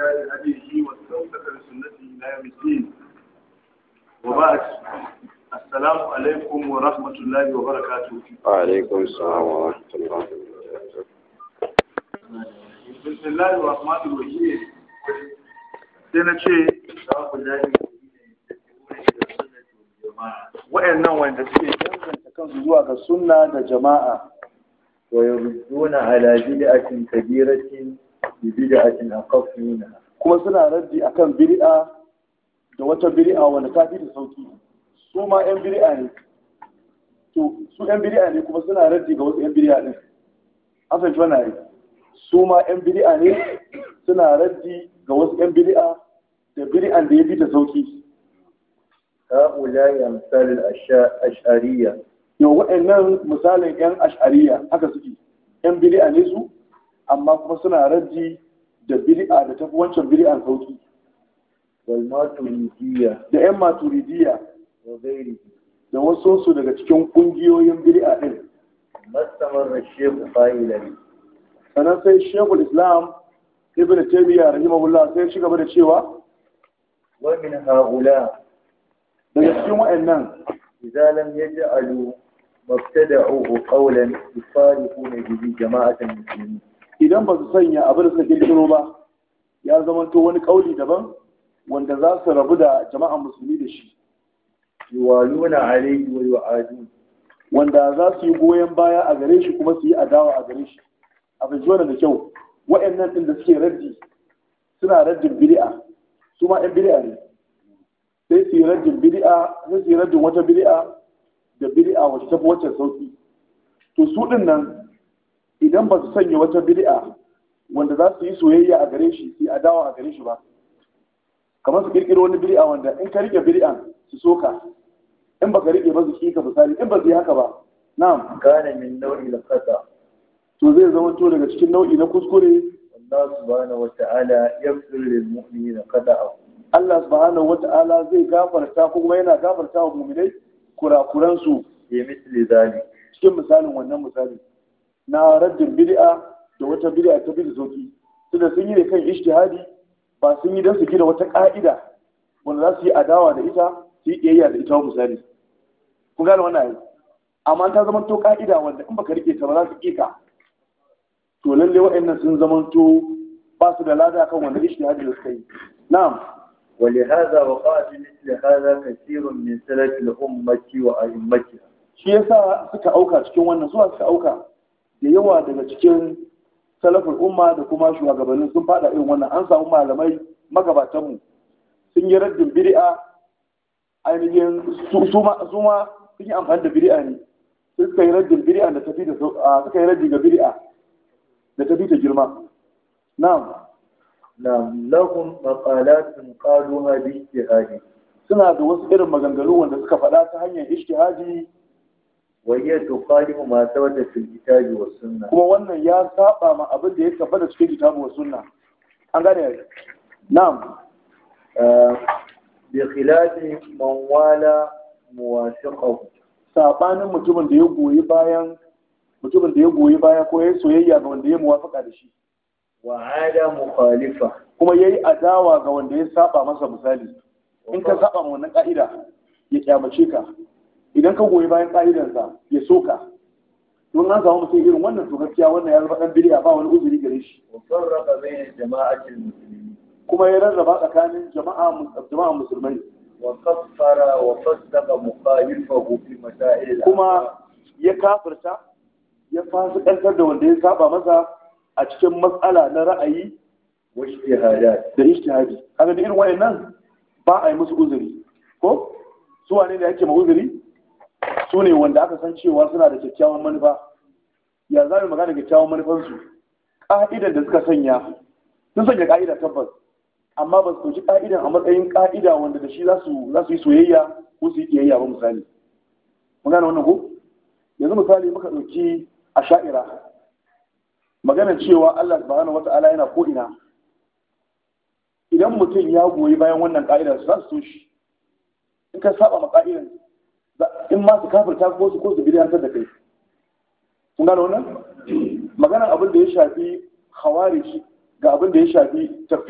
واهتدى بهديه واستمسك بسنته الى يوم الدين وبعد السلام عليكم ورحمة الله وبركاته وعليكم السلام ورحمة الله وبركاته بسم الله الرحمن الرحيم wa'yan nan wanda suke danganta kan zuwa ga sunna da jama'a wa yanzu na yurduna a bid'atin kabiratin bid'atin aqafu kuma suna raddi akan bid'a da wata bid'a wanda ta fi da sauki su ma yan bid'a ne to su bid'a ne kuma suna raddi ga wasu yan bid'a din an fahimci wannan ne su ma yan bid'a ne suna raddi ga wasu yan bid'a da bid'an da ya fi da sauki هؤلاء أمثال الأشعرية يو وإنهم مثال أن أشعرية هكذا سكي أم بلي أنيسو amma kuma suna raji da bid'a da tafi wancan bid'an sauki wal maturidiyya da yan maturidiyya wa ghairi da wasu su daga cikin kungiyoyin bid'a din mastamar shehu fa'ilan sanan sai shehu islam ibn taymiya rahimahullah sai shi gaba da cewa wa min haula daga cikin wa'annan idza lam yaj'alu mabtada'uhu qawlan yusarifuna bihi jama'atan muslimin idan ba su sanya abu da suka kiro ba ya zama to wani kauli daban wanda za su rabu da jama'an musulmi da shi yuwaluna alayhi wa yu'adun wanda za su yi goyon baya a gare shi kuma su yi adawa a gare shi a fahimci da kyau wa'annan din da suke raddi suna raddin bid'a su ma ɗan bid'a ne sai su yi raddin bid'a sai su yi raddin wata bid'a da bid'a wacce fi wacce sauki to su din nan idan ba su sanya wata bid'a wanda za su yi soyayya a gare shi yi adawa a gare shi ba kamar su kirkiro wani bid'a wanda in ka rike bid'an su soka in ba ka rike ba su ka misali in ba su yi haka ba na'am kana min nau'i na khata to zai zama to daga cikin nau'i na kuskure Allah subhanahu wata'ala yaghfir lil mu'minina qada'ahu Allah subhanahu wata'ala zai gafarta ko kuma yana gafarta wa mu'minai su ya misali zalik cikin misalin wannan misali na raddin bid'a da wata bid'a ta bid'a sauki tunda sun yi da kan ijtihadi ba sun yi don su gina wata ka'ida wanda za su yi adawa da ita su yi iyayya da ita wa misali ku gane wannan ayi amma ta zama to ka'ida wanda in baka rike ta ba za su kika to lalle wa'annan sun zama to ba su da lada kan wanda ijtihadi da suka yi na'am ولهذا وقع في مثل هذا كثير من سلف الأمة وأئمتها. شيء يسا suka auka cikin وانا سوا suka auka. da yawa daga cikin salafin umma da kuma shugabannin sun fada irin wannan an samu malamai magabatanmu sun yi raddin biri'a ainihin su ma sun yi amfani da biri'a ne suka yi raddin biri'a da tafi da suka yi raddin ga biri'a da tafi da girma na'am na'am lahum maqalatun qalu hadhihi suna da wasu irin maganganu wanda suka faɗa ta hanyar hajji. وهي تخالف ما ثبت kitabi الكتاب والسنة kuma wannan ya saba ma abin da ya da cikin kitabu wa sunna an gane na'am eh, bi khilafi man wala muwafiqahu sabanin mutumin da ya goyi bayan mutumin da ya goyi baya ko ya soyayya ga wanda ya muwafaka da shi wa ada mukhalifa kuma yayi adawa ga wanda ya saba masa misali in ka saba ma wannan ka'ida ya kyamace ka idan ka goyi bayan ƙa'idansa ya soka don an samu mutum irin wannan to gaskiya wannan ya zama ɗan biriya ba wani uzuri gare shi kuma ya rarraba tsakanin jama'a musulmai kuma ya kafirta ya fasu ƙarfar da wanda ya saba masa a cikin matsala na ra'ayi da ishtihadi kaga da irin wayannan ba a yi musu uzuri ko su wane da yake ma uzuri su ne wanda aka san cewa suna da kyakkyawan manufa ya za mu magana kyakkyawan manufansu ƙa'idar da suka sanya sun sanya ƙa'ida tabbas amma ba su ɗauki ƙa'idan a matsayin ƙa'ida wanda da shi za su yi soyayya ko su yi ƙiyayya ba misali mun gane wannan ko yanzu misali muka ɗauki a sha'ira maganar cewa Allah subhanahu wata'ala yana ko ina idan mutum ya goyi bayan wannan ƙa'idar su za su so shi in ka saba ma ƙa'idar in ma su kafirta ko su ko su bidantar da kai kun gano wannan maganar abin da ya shafi hawari ga abin da ya shafi